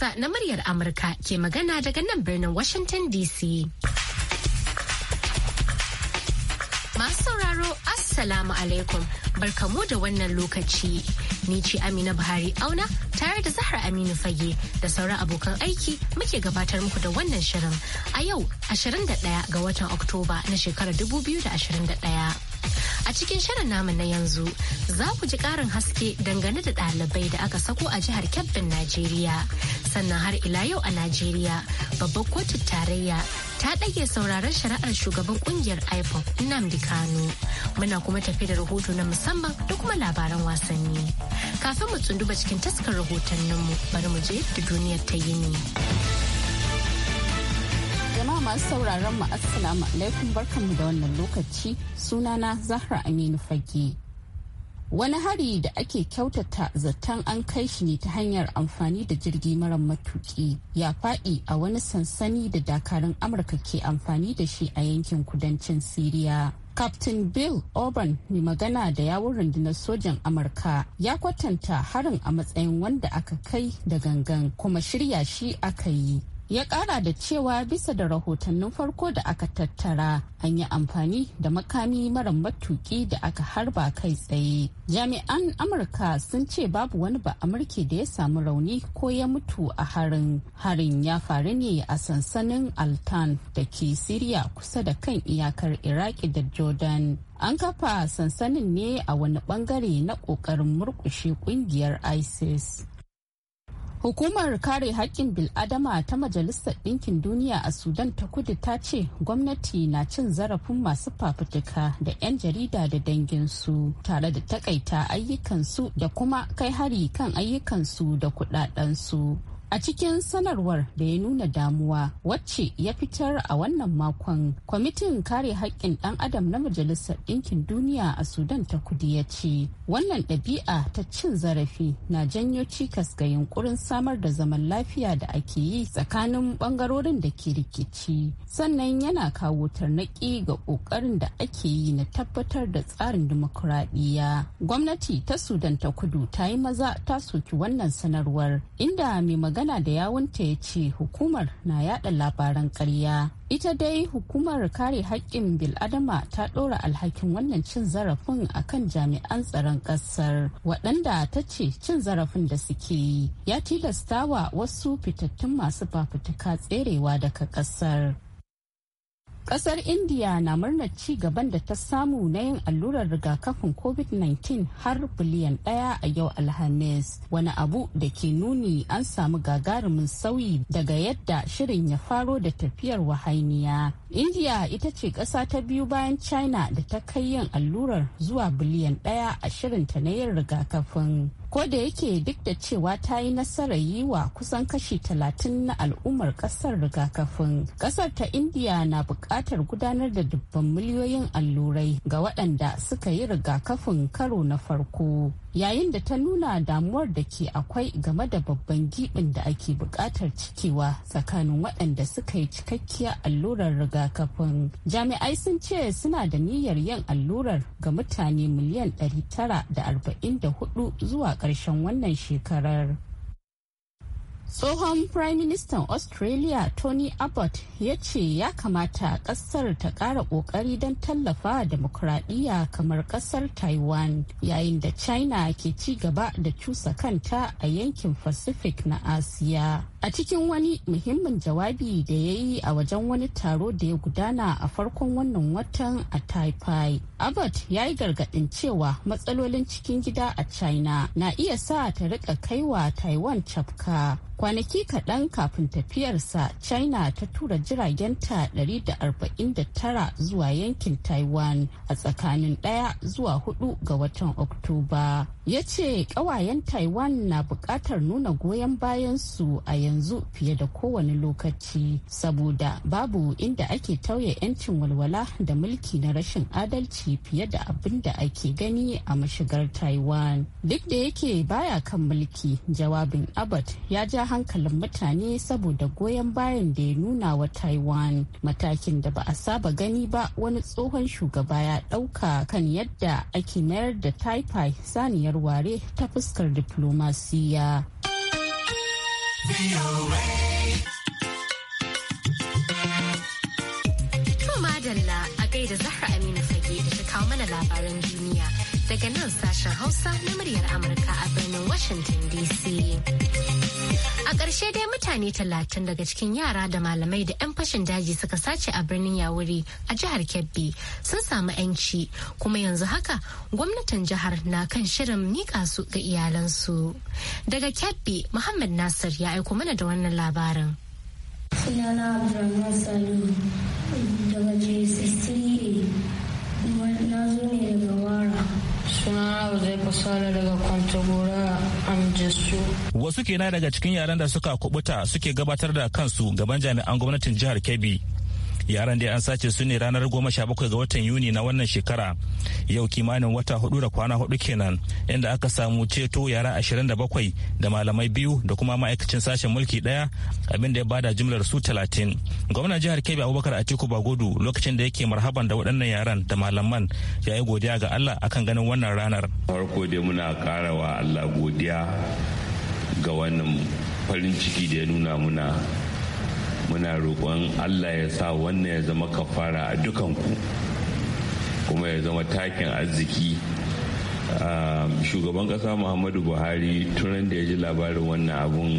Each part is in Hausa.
Hausa na muryar Amurka ke magana daga nan birnin Washington DC. Masu sauraro Assalamu alaikum barkamu da wannan lokaci. Ni ce Amina Buhari auna tare da Zahra Aminu Fage da sauran abokan aiki muke gabatar muku da wannan shirin a yau 21 ga watan Oktoba na shekarar 2021. A cikin shirin namu na yanzu za ku ji ƙarin haske dangane da ɗalibai da aka sako a jihar Kebbin Najeriya. Sannan har ila yau a Najeriya babbar kotun tarayya ta ɗage sauraron shari'ar shugaban ƙungiyar IPOP Nnamdi Kanu. Muna kuma tafi da rahoto na musamman da kuma labaran wasanni. Kafin mu tsunduba cikin taskar rahotanninmu bari mu je da duniyar ta yini. Jama'a masu sauraron mu Assalamu alaikum barkanmu da wannan lokaci sunana Zahra Aminu Fage. Wani hari da ake kyautata zaton an kai shi ne ta hanyar amfani da jirgi mara matuki ya fadi a wani sansani da dakarun Amurka ke amfani da shi a yankin kudancin Siriya. Captain Bill Auburn mai magana da yawon rundunar sojan Amurka ya kwatanta harin a matsayin wanda aka kai da gangan kuma shirya shi aka yi. ya kara da cewa bisa da rahotannin farko da aka tattara an yi amfani da makami mara matuki da aka harba kai tsaye jami'an amurka sun ce babu wani ba amurki da ya samu rauni ko ya mutu a harin harin ya faru ne a sansanin altan da ke siriya kusa da kan iyakar iraki da jordan an kafa sansanin ne a wani bangare na kokarin murkushe kungiyar isis Hukumar kare haƙƙin bil'adama ta Majalisar Ɗinkin Duniya a Sudan ta kudu ta ce gwamnati na cin zarafin masu fafutuka da 'yan jarida da danginsu tare da takaita ayyukansu da kuma kai hari kan ayyukansu da su A cikin sanarwar da ya nuna damuwa wacce ya fitar a wannan makon kwamitin kare haƙƙin ɗan adam na Majalisar Ɗinkin Duniya a Sudan ta kudu ya ce wannan ɗabi'a ta cin zarafi na janyo cikas ga yunkurin samar da zaman lafiya da ake yi tsakanin ɓangarorin da ke rikici sannan yana kawo tarnaƙi ga ƙoƙarin da ake yi na tabbatar da tsarin dimokuraɗiyya. Gwamnati ta Sudan ta kudu ta yi maza ta soki wannan sanarwar inda mai magana magana da yawunta ya ce hukumar na yada labaran karya ita dai hukumar kare haƙƙin biladama ta ɗora alhakin wannan cin zarafin a kan jami'an tsaron ƙasar waɗanda ta ce cin zarafin da suke yi ya tilastawa wasu fitattun masu fafutuka tserewa daga ƙasar Kasar India na murnar ci gaban da ta samu na yin allurar rigakafin COVID-19 har biliyan daya a yau Alhamis. Wani abu da ke nuni an samu gagarumin sauyi daga yadda shirin ya faro da tafiyar wahainiya. India ita ce ƙasa ta biyu bayan China da ta kai yin allurar zuwa biliyan ɗaya a ta na yin rigakafin. Ko da yake duk da cewa ta yi nasarar yi wa kusan kashi talatin na al'ummar ƙasar rigakafin. Ƙasar ta India na buƙatar gudanar da dubban miliyoyin allurai ga waɗanda suka yi rigakafin karo na farko. Yayin da ta nuna damuwar da ke akwai game da babban giɓin da ake buƙatar cikewa tsakanin waɗanda suka yi cikakkiyar allurar rigakafin. rigakafin jami'ai sun ce suna da niyyar yin allurar ga mutane miliyan 944 zuwa ƙarshen wannan shekarar tsohon prime minister australia tony abbott ya ce ya kamata ƙasar ta ƙara ƙoƙari don tallafa demokradiyya kamar ƙasar taiwan yayin da china ke ci gaba da cusa kanta a yankin pacific na asiya A cikin wani muhimmin jawabi da ya yi a wajen wani taro da ya gudana a farkon wannan watan a Taipei, Abbott ya yi gargaɗin cewa matsalolin cikin gida a China na iya sa ta rika kaiwa Taiwan cafka. Kwanaki kaɗan kafin tafiyarsa, China ta tura jiragenta 149 zuwa yankin Taiwan a tsakanin ɗaya zuwa hudu ga watan Oktoba. Ya ce ƙawayen Taiwan na buƙatar nuna goyon bayansu a yanzu fiye da kowane lokaci saboda babu inda ake tauye 'yancin walwala da mulki na rashin adalci fiye da abin da ake gani a mashigar taiwan duk da yake baya kan mulki jawabin abbott ya ja hankalin mutane saboda goyon bayan da ya nuna wa taiwan matakin da ba a saba gani ba wani tsohon shugaba ya dauka kan yadda ake mayar da taifai saniyar ware ta fuskar diplomasiya To madalla a gaida Zahra Aminu Fage da ta kawo mana labaran duniya daga nan sashen Hausa na muryar Amurka a birnin Washington DC. A ƙarshe dai mutane talatin daga cikin yara da malamai da 'yan fashin daji suka sace a birnin Yawuri a jihar Kebbi sun samu 'yanci kuma yanzu haka gwamnatin jihar na kan shirin miƙa su ga iyalansu. Daga Kebbi Muhammad Nasir ya aiko mana da wannan labarin. Sunana Abdulrahman Salihu daga JSS3A na zo ne daga Wara. Sunana Uzaifa Sale daga Kwantagora. Wasu kenan daga cikin yaren da suka kubuta suke gabatar da kansu gaban jami'an gwamnatin jihar Kebbi yaran da an sace su ne ranar goma sha bakwai ga watan yuni na wannan shekara yau kimanin wata hudu da kwana hudu kenan inda aka samu ceto yara ashirin da bakwai da malamai biyu da kuma ma'aikacin sashen mulki daya abinda ya bada jimlar su talatin gwamnan jihar kebbi abubakar atiku bagodu lokacin da yake marhaban da waɗannan yaran da malaman ya yi godiya ga allah akan ganin wannan ranar farko dai muna karawa allah godiya ga wannan farin ciki da ya nuna muna muna roƙon allah ya sa wannan ya zama kafara a dukanku kuma ya zama takin arziki um, shugaban ƙasa muhammadu buhari tunan da ya ji labarin wannan abun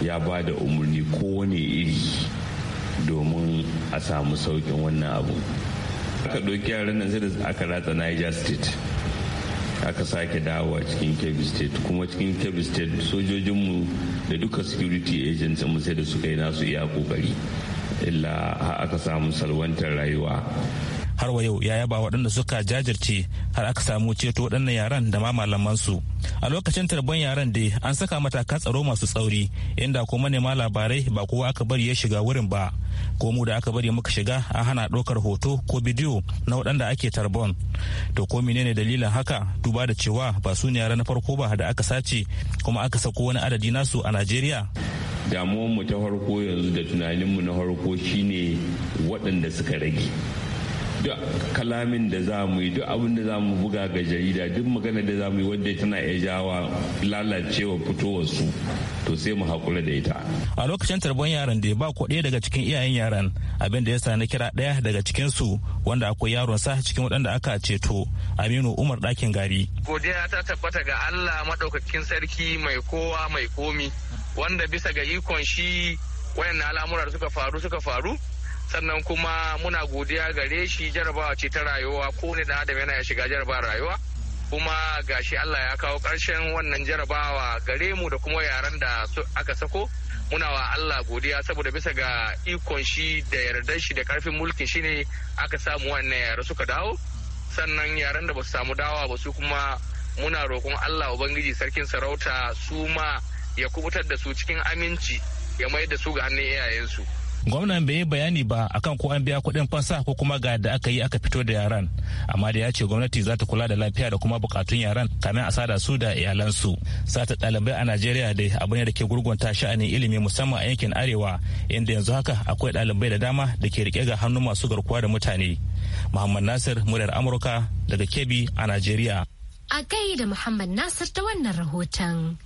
ya ba da umarni kowane iri domin a samu sauƙin wannan abu aka ɗauki yaran nan sai da aka ratsa niger state aka sake dawowa cikin kebbi state kuma cikin kebbi state sojojinmu da duka security agents mu sai da suka yi nasu iya kokari illa aka samu salwantar rayuwa har wa yau ya ba waɗanda suka jajirce har aka samu ceto waɗannan yaran da ma malamansu a lokacin tarban yaran dai an saka matakan tsaro masu tsauri inda ko manema labarai ba kowa aka bari ya shiga wurin ba ko mu da aka bari muka shiga a hana ɗaukar hoto ko bidiyo na waɗanda ake tarbon to ko menene dalilin haka duba da cewa ba su ne yara na farko ba da aka sace kuma aka sako wani adadi nasu a najeriya mu ta farko yanzu da tunaninmu na farko shine waɗanda suka rage duk kalamin da za mu yi duk abin da za mu buga ga jarida duk magana da za mu yi wadda tana iya jawa lalacewa fitowar su to sai mu hakura da ita a lokacin tarban yaran da ya ba ko ɗaya daga cikin iyayen yaran abin da ya sa na kira ɗaya daga cikin su wanda akwai yaron sa cikin waɗanda aka ceto aminu umar ɗakin gari godiya ta tabbata ga allah maɗaukakin sarki mai kowa mai komi wanda bisa ga ikon shi wayannan al'amura suka faru suka faru sannan kuma muna godiya gare shi jarabawa ce ta rayuwa ko ne da adam yana ya shiga jarabawar rayuwa kuma gashi Allah ya kawo ƙarshen wannan jarabawa gare mu da kuma yaran da aka sako muna wa Allah godiya saboda bisa ga ikon shi da yardar shi da karfin mulkin shi ne aka samu wannan yara suka dawo sannan yaran da ba su samu dawa ba su kuma muna roƙon Allah ubangiji sarkin sarauta su ma ya kubutar da su cikin aminci ya mai da su ga hannun iyayensu. gwamnan bai yi bayani ba akan ko an biya kuɗin fansa ko kuma ga da aka yi aka fito da yaran amma da ya ce gwamnati za ta kula da lafiya da kuma bukatun yaran kamin a sada su da iyalansu sata ɗalibai a najeriya dai abu ne da ke gurgunta sha'anin ilimi musamman a yankin arewa inda yanzu haka akwai ɗalibai da dama da ke rike ga hannu masu garkuwa da mutane muhammad nasir muryar amurka daga kebbi a najeriya a gai da muhammad nasir ta wannan rahoton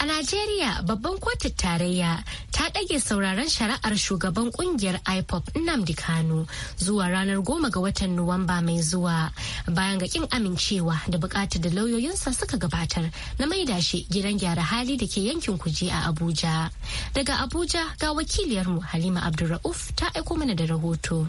A Najeriya babban kotun tarayya ta ɗage sauraron shari'ar shugaban ƙungiyar IPOP Nnamdi Kano zuwa ranar goma ga watan Nuwamba mai zuwa bayan ga kin amincewa da buƙatar da lauyoyinsa suka gabatar na maida shi gidan gyara hali da ke yankin kuje a Abuja. Daga Abuja ga wakiliyarmu Halima Abdulra'uf ta aiko mana da rahoto.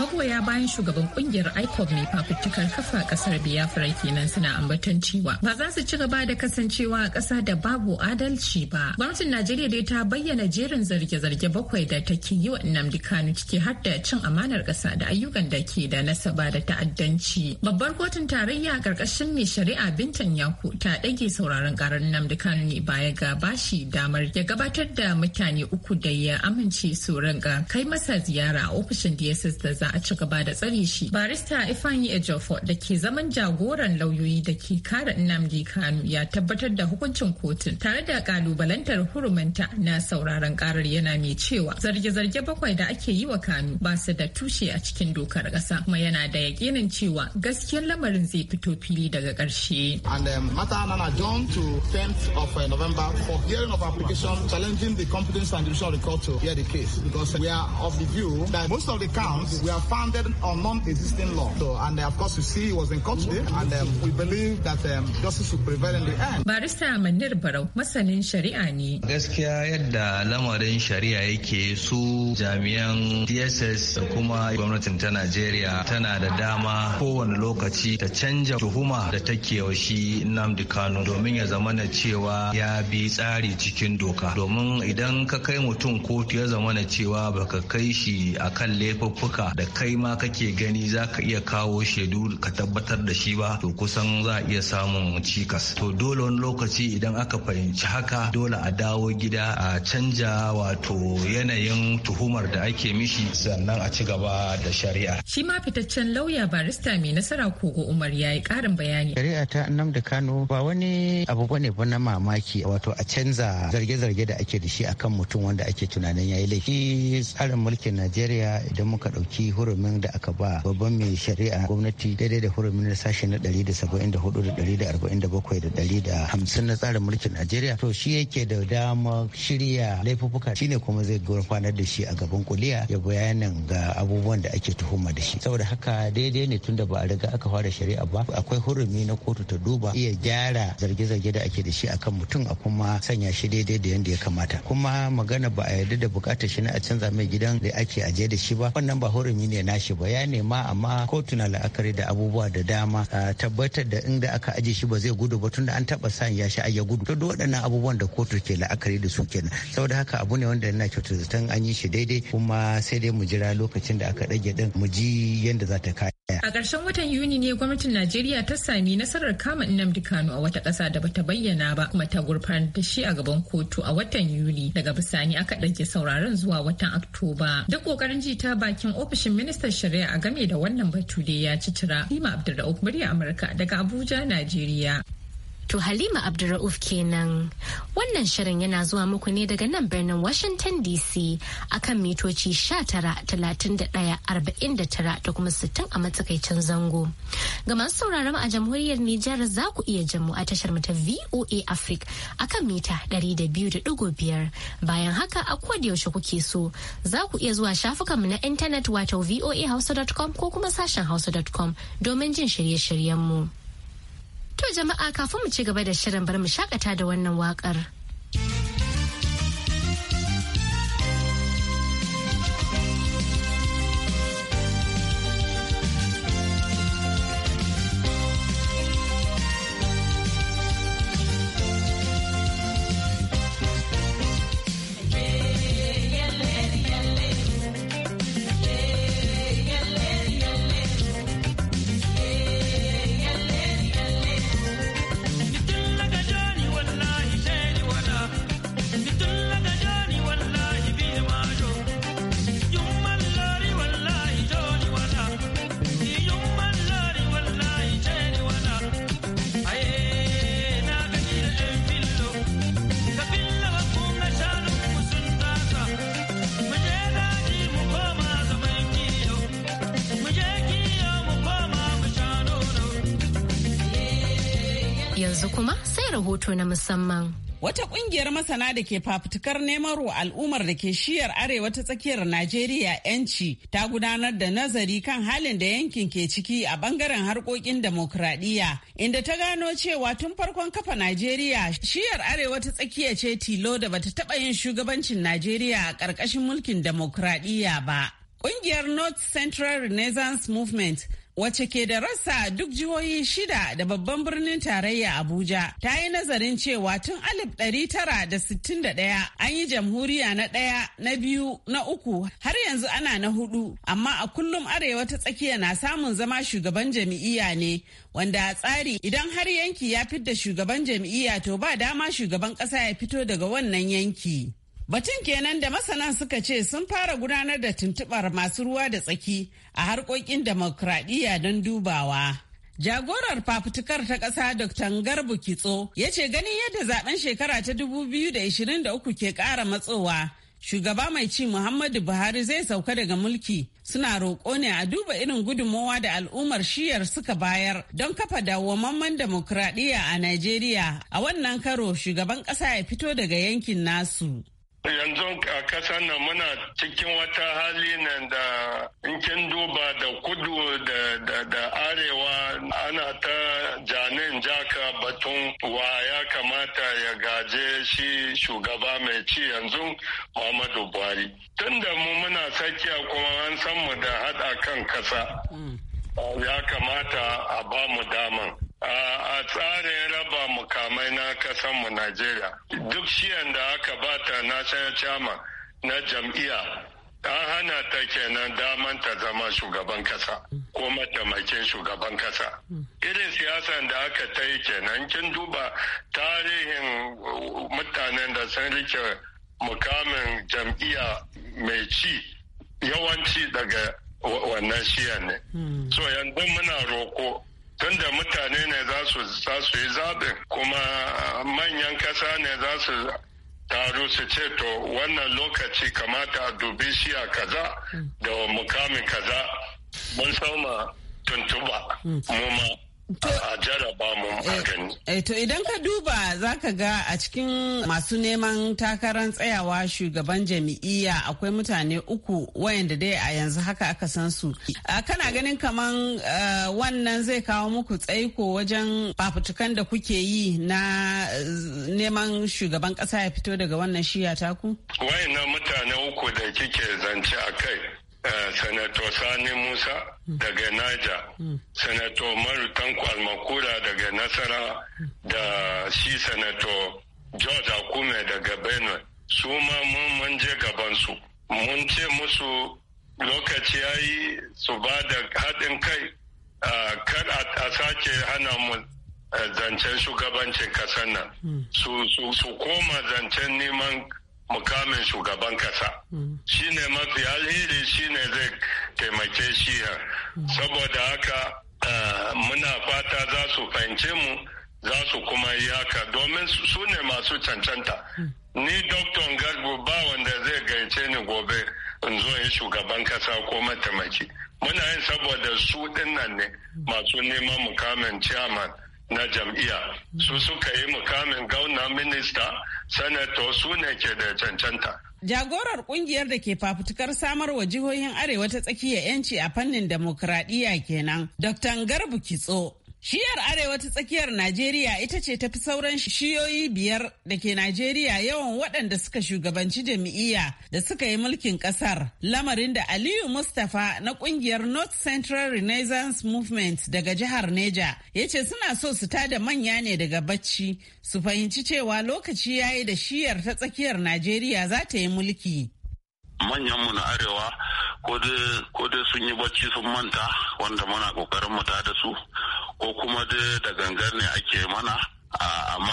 magoya bayan shugaban kungiyar ipob mai fafutukar kafa kasar biafra kenan suna ambaton cewa ba za su ci gaba da kasancewa a ƙasa da babu adalci ba gwamnatin najeriya dai ta bayyana jerin zarge-zarge bakwai da take yi wa nnamdi kanu ciki har da cin amanar ƙasa da ayyukan da ke da nasaba da ta'addanci babbar kotun tarayya a ƙarƙashin mai shari'a bintan Yahu ta ɗage sauraron karar nnamdi kanu ne baya ga bashi damar ya gabatar da mutane uku da ya amince su tsoron ka kai masa ziyara a ofishin DSS da za a ci gaba da tsare shi. Barista Ifeanyi ejofor da ke zaman jagoran lauyoyi da ke kare Nnamdi Kanu ya tabbatar da hukuncin kotun tare da kalubalantar hurumanta na sauraron karar yana mai cewa zarge-zarge bakwai da ake yi wa Kanu ba su da tushe a cikin dokar kasa kuma yana da yakinin cewa gaskiyar lamarin zai fito fili daga ƙarshe. And um, matter adjourned to 10 of uh, November for hearing of application challenging the competence and division of the court to hear the case. because we are of the view that most of the counts were founded on non-existing law. So, and uh, of course, you see, he was in court today, and um, we believe that um, justice will prevail in the end. Barista Manir Barau, masanin shari'a ne. Gaskiya yadda lamarin shari'a yake su jami'an DSS da kuma gwamnatin ta Najeriya tana da dama kowane lokaci ta canja tuhuma da take wa shi Nnamdi Kano domin ya zama na cewa ya bi tsari cikin doka. Domin idan ka kai mutum kotu ya zama gane cewa ba ka kai shi a kan laifuffuka da kai ma kake gani za ka iya kawo shaidu ka tabbatar da shi ba to kusan za a iya samun cikas to dole wani lokaci idan aka fahimci haka dole a dawo gida a canja wato yanayin tuhumar da ake mishi sannan a ci gaba da shari'a shi ma fitaccen lauya barista mai nasara kogo umar ya yi karin bayani shari'a ta nan da kano ba wani abu bane ba na mamaki wato a canza zarge-zarge da ake da shi akan mutum wanda ake tunanin ya yi laifi ɗauki tsarin mulkin najeriya idan muka ɗauki hurumin da aka ba babban mai shari'a gwamnati daidai da hurumin na sashe na ɗari da saba'in da hudu da da da da da arba'in bakwai hamsin na tsarin mulkin najeriya to shi yake da dama shirya laifuffuka shine kuma zai gurfanar da shi a gaban kuliya ya bayanin ga abubuwan da ake tuhuma da shi saboda haka daidai ne tunda ba a riga aka fara shari'a ba akwai hurumi na kotu ta duba iya gyara zarge-zarge da ake da shi akan mutum a kuma sanya shi daidai da yanda ya kamata kuma magana ba a yarda da bukatar shi na a canza mai gidan da ake ajiye da shi ba wannan ba hurumi ne na shi ba ya nema amma kotu na la'akari da abubuwa da dama a tabbatar da inda aka ajiye shi ba zai gudu ba tunda an taba sa ya shi ayya gudu to duk waɗannan abubuwan da kotu ke la'akari da su kenan saboda haka abu ne wanda yana kyautar zaton an yi shi daidai kuma sai dai mu jira lokacin da aka ɗage din mu ji yadda za ta kai. A ƙarshen watan Yuni ne gwamnatin Najeriya ta sami nasarar kama Nnamdi Kano a wata ƙasa da bata bayyana ba kuma ta gurfanar da shi a gaban kotu a watan Yuli daga bisani aka ɗauke sauraron zuwa watan Oktoba. Duk ƙoƙarin ji ta bakin ofishin ministan shari'a a game da wannan batu ya ci tira. ima Abdulrahman murya Amurka daga Abuja, Najeriya. To Halima Abdulra'uf kenan. Wannan shirin yana zuwa muku ne daga nan birnin Washington DC akan mitoci talatin da kuma 60 a matsakaicin zango. Ga masu sauraron a jamhuriyar Nijar za ku iya jamu a tashar mata VOA Africa akan mita 200.5. Bayan haka a yaushe kuke so za ku iya zuwa shafukanmu na intanet wato voahausa.com ko kuma sashen hausa.com domin jin shirye-shiryenmu. To jama'a kafin mu ci gaba da shirin bari mu shakata da wannan waƙar. wato na musamman. Wata kungiyar masana da ke fafutukar neman wa al'ummar da ke shiyar arewa ta tsakiyar Najeriya 'yanci ta gudanar da nazari kan halin da yankin ke ciki a bangaren harkokin demokradiyya inda ta gano cewa tun farkon kafa Najeriya shiyar arewa ta tsakiya ce tilo da bata taɓa yin shugabancin Najeriya a ƙarƙashin mulkin demokradiyya ba. Ƙungiyar North Central Renaissance Movement wacce ke da rassa duk jihohi shida da babban birnin tarayya Abuja ta yi nazarin cewa tun 1961 an yi jamhuriya na ɗaya na biyu na uku har yanzu ana na hudu amma a kullum arewa ta tsakiya na samun zama shugaban jam'iyya ne wanda a tsari idan har yanki ya fidda shugaban jam'iyya to ba dama shugaban ƙasa ya fito daga wannan yanki. Batun kenan da masana suka ce sun fara gudanar da tuntubar masu ruwa da tsaki a harkokin demokradiyya don dubawa. Jagorar fafutukar ta ƙasa Dr. Garbu Kitso ya ce ganin yadda zaben shekara ta 2023 ke ƙara matsowa, shugaba mai ci Muhammadu Buhari zai sauka daga mulki suna roƙo ne a duba irin gudunmowa da al'ummar shiyar suka bayar don kafa dawwamamman demokradiyya a Najeriya a wannan karo shugaban ƙasa ya fito daga yankin nasu. yanzu a ƙasa na muna cikin wata hali na da in duba da kudu da arewa ana ta janin jaka batun wa ya kamata ya gaje shi shugaba mai ci yanzu muhammadu buhari Tunda da mu muna sakiya kuma an san mu da hada kan ƙasa mm. ya kamata a ba mu daman a tsarin raba mukamai na kasanmu Najeriya. Duk shiyan da aka bata na sanya cama na jam'iyya an hana ta kenan daman ta zama shugaban kasa ko mataimakin shugaban kasa. Irin siyasan da aka ta yi kenan kin duba tarihin mutanen da sun rike mukamin jam'iyya mai ci yawanci daga wannan shiyan ne. Hmm. So yanzu muna roko tunda mutane ne za su yi zaɓin kuma manyan ƙasa ne za su taru su ce to wannan lokaci kamata a dubi shi a kaza da mukamin kaza mun sauma tuntuba mm. mu ma a jaraba eh, magani. Eh, to idan ka duba za ka ga a cikin masu neman takarar tsayawa shugaban jami'iyya akwai mutane uku wayanda dai a yanzu haka aka san su. Kana ganin kaman eh, wannan zai kawo muku tsaiko wajen fafutukan da kuke yi na neman shugaban ƙasa ya fito daga wannan shiya taku? Wayannan mutane uku da kike zance a kai Eh, sanato sani musa daga naja hmm. sanato maru tanko almakura daga nasara da shi sanato george akume daga benue su ma mun je gabansu mun ce musu lokaci ya yi su ba da haɗin kai kar a sake hana mu eh, zancen shugabancin kasar nan hmm. su koma zancen neman mukamin shugaban kasa mm. shine mafi alheri shine zai taimake shi mm. saboda haka eh, muna fata za su fahimce mu za su kuma yi haka domin su ne masu cancanta mm. ni doktor garbu ba wanda zai gaice ni gobe in zo yi shugaban kasa ko mataimaki muna yin saboda su dinnan ne masu neman mukamin chairman. na jam'iyya su suka yi mukamin gauna minista sanato su ne ke da cancanta jagorar kungiyar da ke fafutukar samar wa jihohin arewa ta tsakiya yanci a fannin demokradiyya kenan dr garbu kitso Shiyar Arewa ta tsakiyar Najeriya ita ce tafi sauran shiyoyi biyar da ke Najeriya yawan waɗanda suka shugabanci jami'iyya da suka yi mulkin ƙasar. Lamarin da Aliyu Mustapha na ƙungiyar North Central Renaissance Movement daga jihar Neja ya ce suna so su tada manya ne daga bacci su fahimci cewa lokaci ya yi da shiyar ta tsakiyar Najeriya za ta yi mulki. Manyan mu na arewa ko dai sun yi bacci sun manta wanda muna kokarin mu da su ko kuma dai da gangar ne ake mana amma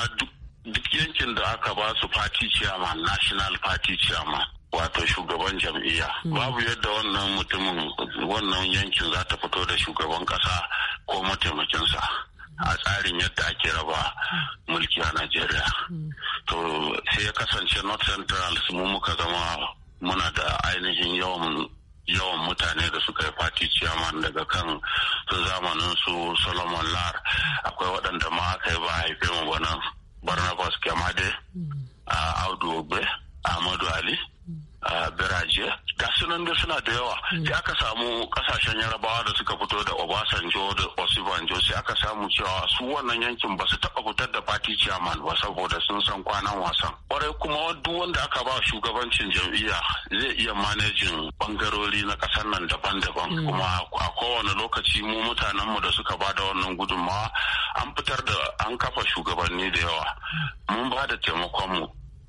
duk yankin da aka ba su party chairman national party chairman wato shugaban jam'iyya hmm. babu yadda wannan mutumin wannan yankin za ta fito da shugaban kasa ko mataimakinsa a tsarin yadda ake raba mulki a najeriya hmm. to sai ya kasance north central mu muka zama muna da ainihin yawan yawan mutane da suka yi fati ciyaman daga kan su zamanin su solomon lar akwai waɗanda ma aka yi ba haife mu ba nan barnabas kemade mm. audu ogbe ahmadu ali biraje ga sunan da suna da yawa mm. sai aka samu kasashen yarabawa da suka fito da obasanjo da osibanjo sai aka samu cewa su wannan yankin ba su taba fitar da party chairman ba saboda sun san kwanan wasan kwarai kuma duk wanda aka ba shugabancin jam'iyya zai iya manajin bangarori na kasar nan daban-daban mm. kuma a kowane lokaci mu mutanen mu da suka ba da wannan gudunmawa an fitar da an kafa shugabanni da yawa mm. mun ba da taimakon mu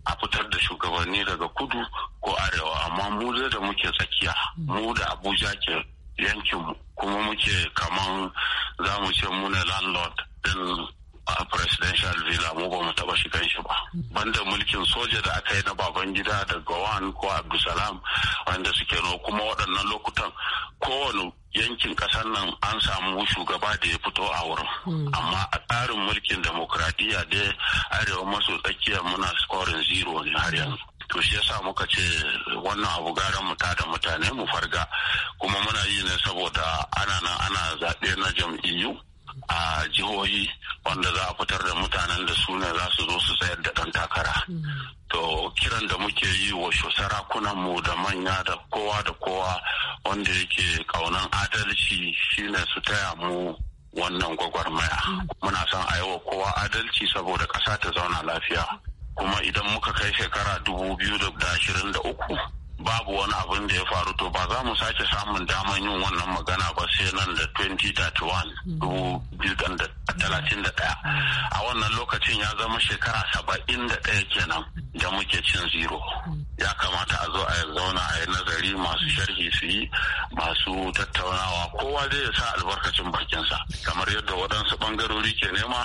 a fitar da shugabanni daga kudu ko arewa amma mu da muke tsakiya mu da abuja ke yankinmu kuma muke kaman za mu ce muna landlord din a presidential villa mu ba mu taba shigan shi ba banda mulkin soja da aka yi na baban gida da gawan ko abdulsalam wanda suke no kuma waɗannan lokutan kowane yankin kasar nan an samu shugaba da ya fito a wurin hmm. amma a tsarin mulkin demokradiyya da arewa maso tsakiya muna scoring zero ne har hmm. yanzu to shi yasa muka ce wannan abu garan mu da mutane mu farga kuma muna yi ne saboda ana nan ana zaɓe na jam'iyyu a jihohi wanda za a fitar da mutanen da su ne za su zo su tsayar da ɗan takara. To kiran da muke yi wa sarakunanmu da manya da kowa da kowa wanda yake ƙaunan adalci shine su taya mu wannan gwagwarmaya. Muna son a yi wa kowa adalci saboda ƙasa ta zauna lafiya. Kuma idan muka kai shekara dubu biyu da uku babu wani abin da ya faru to ba za mu sake samun daman yin wannan magana ba sai nan da 2031 talatin da ɗaya a wannan lokacin ya zama shekara saba'in da ɗaya kenan da muke cin zero ya kamata a zo a zauna a yi nazari masu sharhi su yi masu tattaunawa kowa zai sa albarkacin bakinsa kamar yadda waɗansu ɓangarori ke nema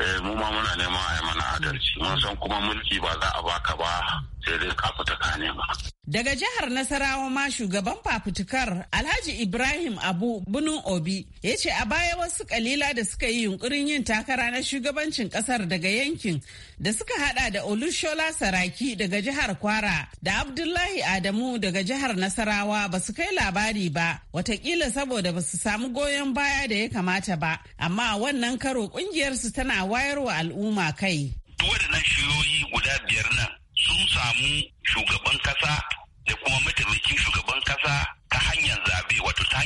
eh, mu ma muna nema a yi mana adalci mun san kuma mulki ba za a baka ba sai dai ka ta ka ba Daga jihar Nasarawa ma shugaban fafutukar Alhaji Ibrahim Abu Bunun Obi ya ce a baya wasu kalila da suka yi yunkurin yin takara na shugabancin kasar daga yankin da suka hada da Olushola Saraki daga jihar Kwara da Abdullahi Adamu daga jihar Nasarawa ba su kai labari ba watakila saboda ba su samu goyon baya da ya kamata ba amma wannan karo kungiyarsu tana wayarwa al'umma kai. waɗannan shiyoyi guda biyar nan sun samu shugaban kasa da kuma mataimakin shugaban kasa ta hanyar zabe wato ta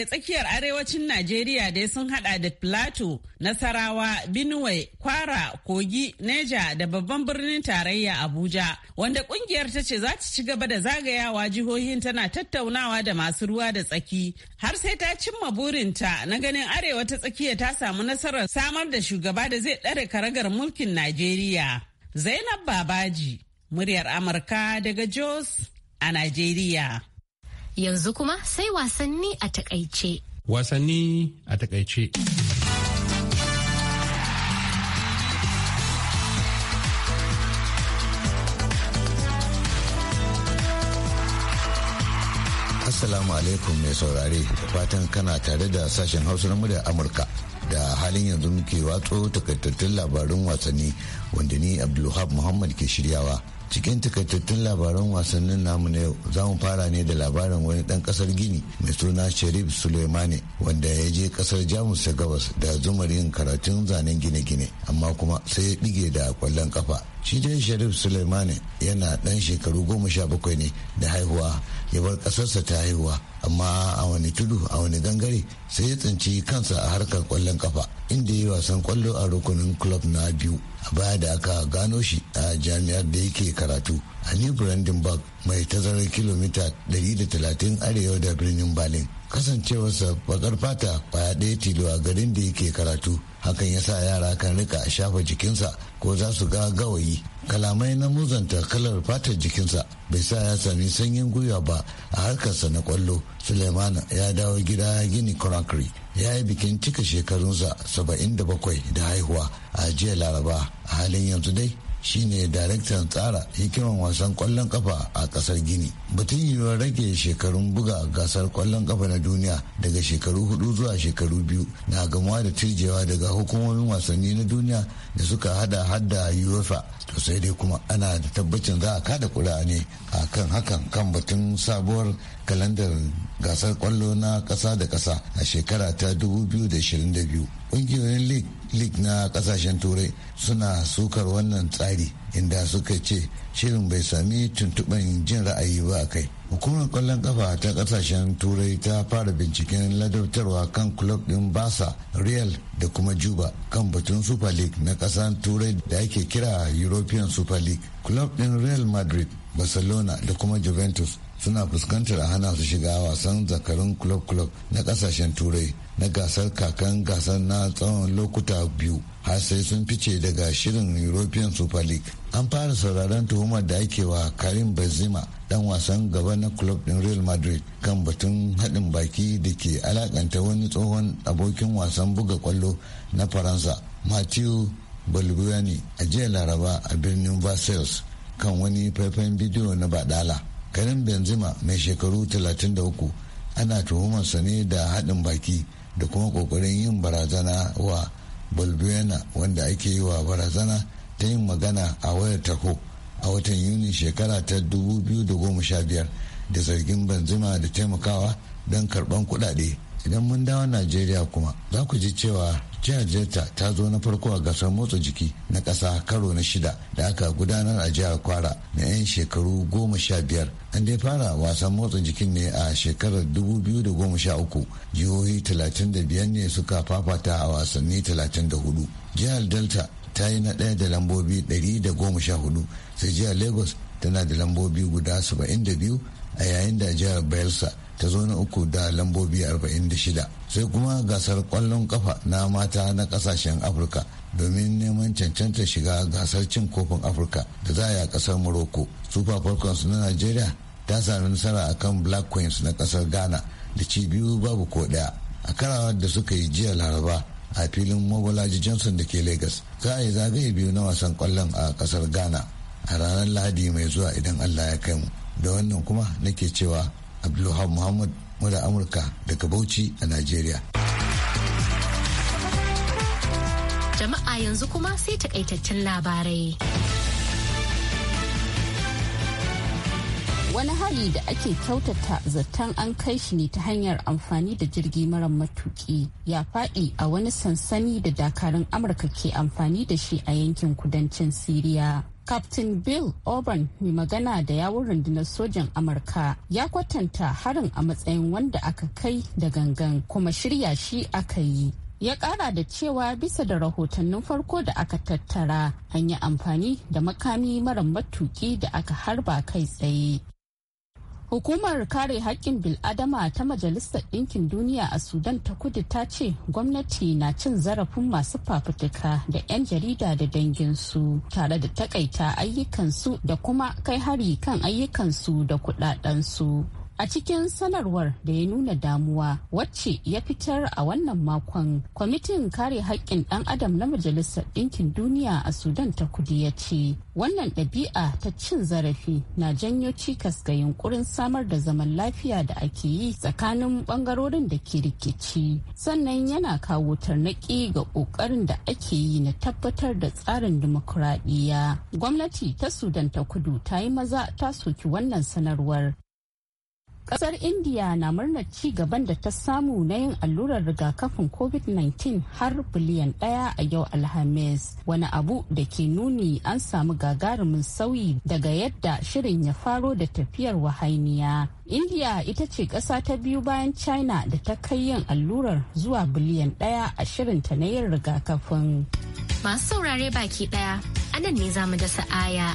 ke tsakiyar arewacin Najeriya dai sun hada da Plateau, Nasarawa, Binuwe, Kwara, Kogi, Neja da babban birnin tarayya Abuja, wanda kungiyar ta ce za ta ci gaba da zagayawa jihohin tana tattaunawa da masu ruwa da tsaki har sai ta cimma burinta na ganin arewa ta tsakiya ta samu nasarar samar da shugaba da zai ɗare karagar mulkin Najeriya. Zainab Babaji, muryar Amurka daga Jos a Najeriya. Yanzu kuma sai wasanni a takaice. Wasanni a takaice. Assalamu alaikum mai saurare fatan kana tare da sashen hausa na murya Amurka da halin yanzu muke watso takaitattun labarin wasanni wanda ni Abdulhab Muhammad ke shiryawa. cikin takaitattun labaran wasannin namu na yau za mu fara ne da labarin wani dan kasar gini mai suna sharif suleimani wanda ya je kasar jamus ta gabas da zumar yin karatun zanen gine-gine amma kuma sai ya ɗige da kwallon kafa shi dai sharif suleimani yana dan shekaru goma sha bakwai ne da haihuwa ya bar kasarsa ta haihuwa amma a wani tudu a wani gangare sai ya tsinci kansa a harkar kwallon kafa inda ya yi wasan kwallo a rukunin club na biyu a baya da aka gano shi a jami'ar da yake karatu a new brandenburg mai tazarar kilomita 130 arewa da birnin berlin kasancewarsa bakar fata kwaya ɗaya tilo a garin da yake karatu hakan ya sa yara kan rika shafa jikinsa ko za su ga gawayi kalamai na muzanta kalar fatar jikinsa bai sa ya sami sanyin gwiwa ba a harkarsa na kwallo suleiman ya dawo gida gini conakry ya yi bikin cika shekarunsa 77 da haihuwa a jiya laraba a halin yanzu dai shine daraktan tsara hikiman wasan kwallon kafa a kasar gini batun yiwuwar rage shekarun buga gasar kwallon kafa na duniya daga shekaru hudu zuwa shekaru biyu na gamuwa da turjewa daga hukumomin wasanni na duniya da suka hada hadda uefa to sai dai kuma ana da tabbacin za a kada kura ne a kan hakan kan batun sabuwar kalandar gasar kwallo na kasa da kasa a shekara ta 2022 ƙungiyoyin league league na kasashen turai suna sukar wannan tsari inda suka ce shirin bai sami tuntuɓin jin ra'ayi ba a kai hukumar kwallon kafa ta kasashen turai ta fara binciken ladabtarwa kan club din basa real da kuma juba kan batun super league na kasan turai da ake kira european super league club din real madrid barcelona da kuma juventus suna fuskantar hana su shiga wasan zakarun club club na kasashen turai na gasar kakan gasar na tsawon lokuta biyu har sai sun fice daga shirin european super league an fara sauraron tuhumar da ake wa karim benzema dan wasan gaba na club din real madrid kan batun haɗin baki da ke alakanta wani tsohon abokin wasan buga kwallo na faransa matthew balbuani a jiya laraba a birnin versailles kan wani faifan bidiyo na badala karim benzema mai shekaru 33 ana tuhumarsa ne da haɗin baki da kuma ƙoƙarin yin barazana wa balbuena wanda ake yi wa barazana ta yin magana a wayar tako a watan yuni shekara ta 2015 da zargin benzema da taimakawa don karɓan kuɗaɗe idan mun dawo najeriya kuma za ku ji cewa jihar delta ta zo na farko a gasar motsa jiki na ƙasa karo na shida da aka gudanar a jihar kwara na 'yan shekaru goma sha biyar an dai fara wasan motsa jikin ne a shekarar 2013 jihohi 35 ne suka fafata a wasanni 34 jihar delta ta yi na ɗaya da lambobi 114 sai jihar lagos tana da lambobi guda saba'in da biyu. a yayin da jihar Bayelsa ta zo na uku da lambobi 46 sai kuma gasar kwallon kafa na mata na kasashen afirka domin neman cancanta shiga gasar cin kofin afirka da za a yi a kasar morocco super falcons na nigeria ta sami nasara a kan black queens na kasar ghana da ci biyu babu ko daya a karawar da suka yi jiya laraba a filin mobilaji johnson da ke lagos za a yi zagaye biyu na wasan kwallon a kasar ghana a ranar lahadi mai zuwa idan allah ya kai mu da wannan kuma nake cewa abdulwahab muhammad mura amurka daga bauchi a nigeria. jama'a yanzu kuma sai takaitaccen labarai wani hali da ake kyautata zaton an kai shi ne ta hanyar amfani da jirgi mara matuki ya fadi a wani sansani da dakarun amurka ke amfani da shi a yankin kudancin siriya Captain Bill Auburn mai magana da yawun rundunar sojan Amurka ya kwatanta harin a matsayin wanda aka kai da gangan kuma shirya shi aka yi. ya kara da cewa bisa da rahotannin farko da aka tattara an yi amfani da makami mara matuki da aka harba kai tsaye Hukumar kare haƙƙin bil'adama ta Majalisar Ɗinkin Duniya a Sudan ta kudu ta ce gwamnati na cin zarafin masu fafutuka da 'yan jarida da danginsu tare da takaita ayyukansu da kuma kai hari kan ayyukansu da kuɗaɗensu. A cikin sanarwar da ya nuna damuwa wacce ya fitar a wannan makon, kwamitin kare haƙƙin ɗan adam na Majalisar Ɗinkin Duniya a Sudan ta kudu ya ce, wannan ɗabi'a ta cin zarafi na janyo cikas ga yunkurin samar da zaman lafiya da ake yi tsakanin bangarorin da ke rikici. Sannan yana kawo tarnaƙi ga ƙoƙarin da ake yi na tabbatar da tsarin dimokuraɗiyya. Gwamnati ta Sudan ta kudu ta yi maza ta soki wannan sanarwar Kasar India na murnar ci gaban da ta samu na yin allurar rigakafin COVID-19 har biliyan ɗaya a yau Alhamis. Wani abu da ke nuni an samu gagarumin sauyi daga yadda shirin ya faro da tafiyar wahainiya. India ita ce ƙasa ta biyu bayan China da ta kai yin allurar zuwa biliyan ɗaya a shirinta na yin rigakafin. Masu saurare baki ɗaya, anan ne za mu dasa aya.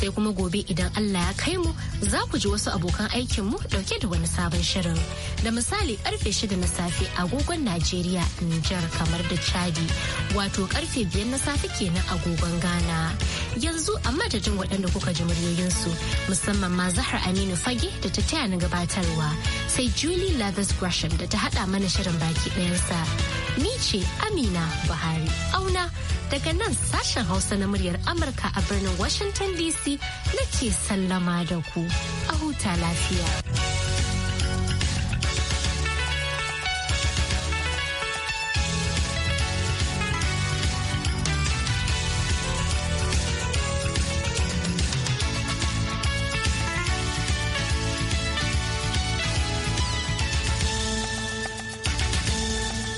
sai kuma gobe idan Allah ya kai mu za ku ji wasu abokan aikin mu dauke da wani sabon shirin. Da misali karfe shida na safe agogon Najeriya Nijar kamar da Chadi wato karfe biyar na safe kenan agogon Ghana. Yanzu a madadin waɗanda kuka ji muryoyinsu musamman ma Zahra Aminu Fage da ta taya ni gabatarwa sai Julie Lathers Gresham da ta haɗa mana shirin baki ɗayansa. Ni ce Amina Buhari auna daga nan sashen Hausa na muryar Amurka a birnin Washington DC nake sallama da ku a huta lafiya.